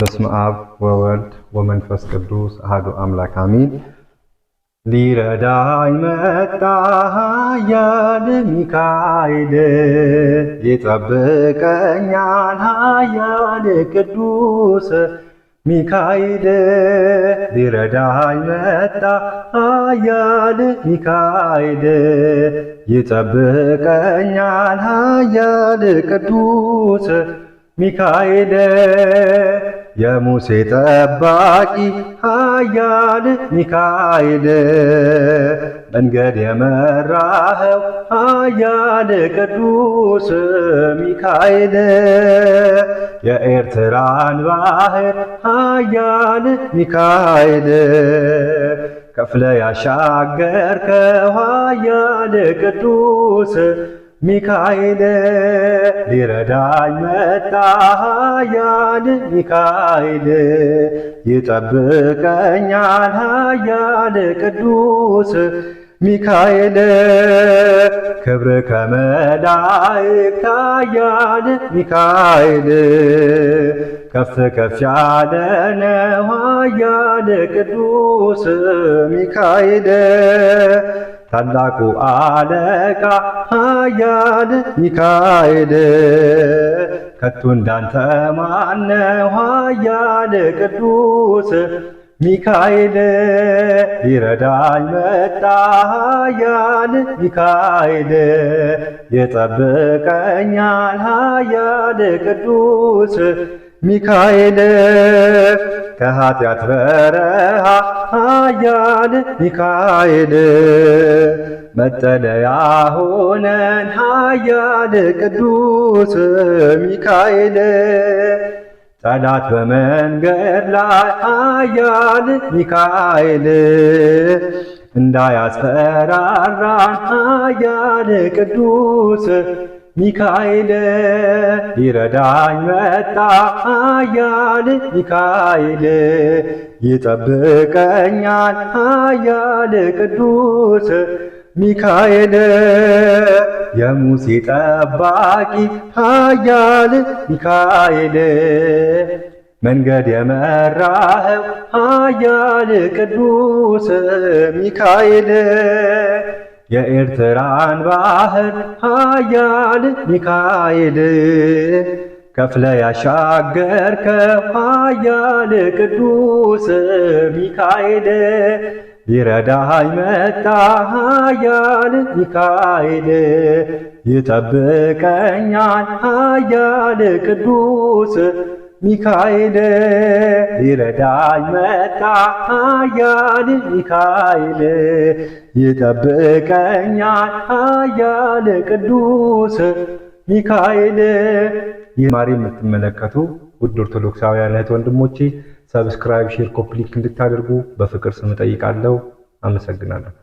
በስመ አብ ወወልድ ወመንፈስ ቅዱስ አህዱ አምላክ አሜን። ሊረዳኝ መጣ ኃያል ሚካኤል ይጠብቀኛል ኃያል ቅዱስ ሚካኤል ሊረዳኝ መጣ ኃያል ሚካኤል ይጠብቀኛል ኃያል ቅዱስ ሚካኤል የሙሴ ጠባቂ ኃያል ሚካኤል መንገድ የመራኸው ኃያል ቅዱስ ሚካኤል የኤርትራን ባህር ኃያል ሚካኤል ከፍለ ያሻገርከው ኃያል ቅዱስ ሚካኤል ሊረዳኝ መጣ ኃያል ሚካኤል ይጠብቀኛል ኃያል ቅዱስ ሚካኤል ክብር ከመላእክት ኃያል ሚካኤል ከፍ ከፍ ያለ ነው ኃያል ቅዱስ ሚካኤል ታላቁ አለቃ ኃያል ሚካኤል ከቶ እንዳንተ ማነው ኃያል ቅዱስ ሚካኤል ሊረዳኝ መጣ ኃያል ሚካኤል የጠብቀኛል ኃያል ቅዱስ ሚካኤል ከኃጢአት በረሃ አያል ሚካኤል መጠለያ ሆነን ኃያል ቅዱስ ሚካኤል ጠላት በመንገድ ላይ አያል ሚካኤል እንዳያስፈራራን አያል ቅዱስ ሚካኤል ይረዳኝ መጣ አያል ሚካኤል ይጠብቀኛል አያል ቅዱስ ሚካኤል የሙሴ ጠባቂ አያል ሚካኤል መንገድ የመራኸው አያል ቅዱስ ሚካኤል የኤርትራን ባህር ኃያል ሚካኤል ከፍለ ያሻገርከው ኃያል ቅዱስ ሚካኤል ይረዳሃኝ መጣ ኃያል ሚካኤል ይጠብቀኛል ኃያል ቅዱስ ሚካኤል ሊረዳኝ መጣ አያል ሚካኤል ይጠብቀኛል አያል ቅዱስ ሚካኤል። ይህ ማሪ የምትመለከቱ ውድ ኦርቶዶክሳውያን እህት ወንድሞቼ ሰብስክራይብ፣ ሼር፣ ኮፕሊክ እንድታደርጉ በፍቅር ስም እጠይቃለሁ። አመሰግናለሁ።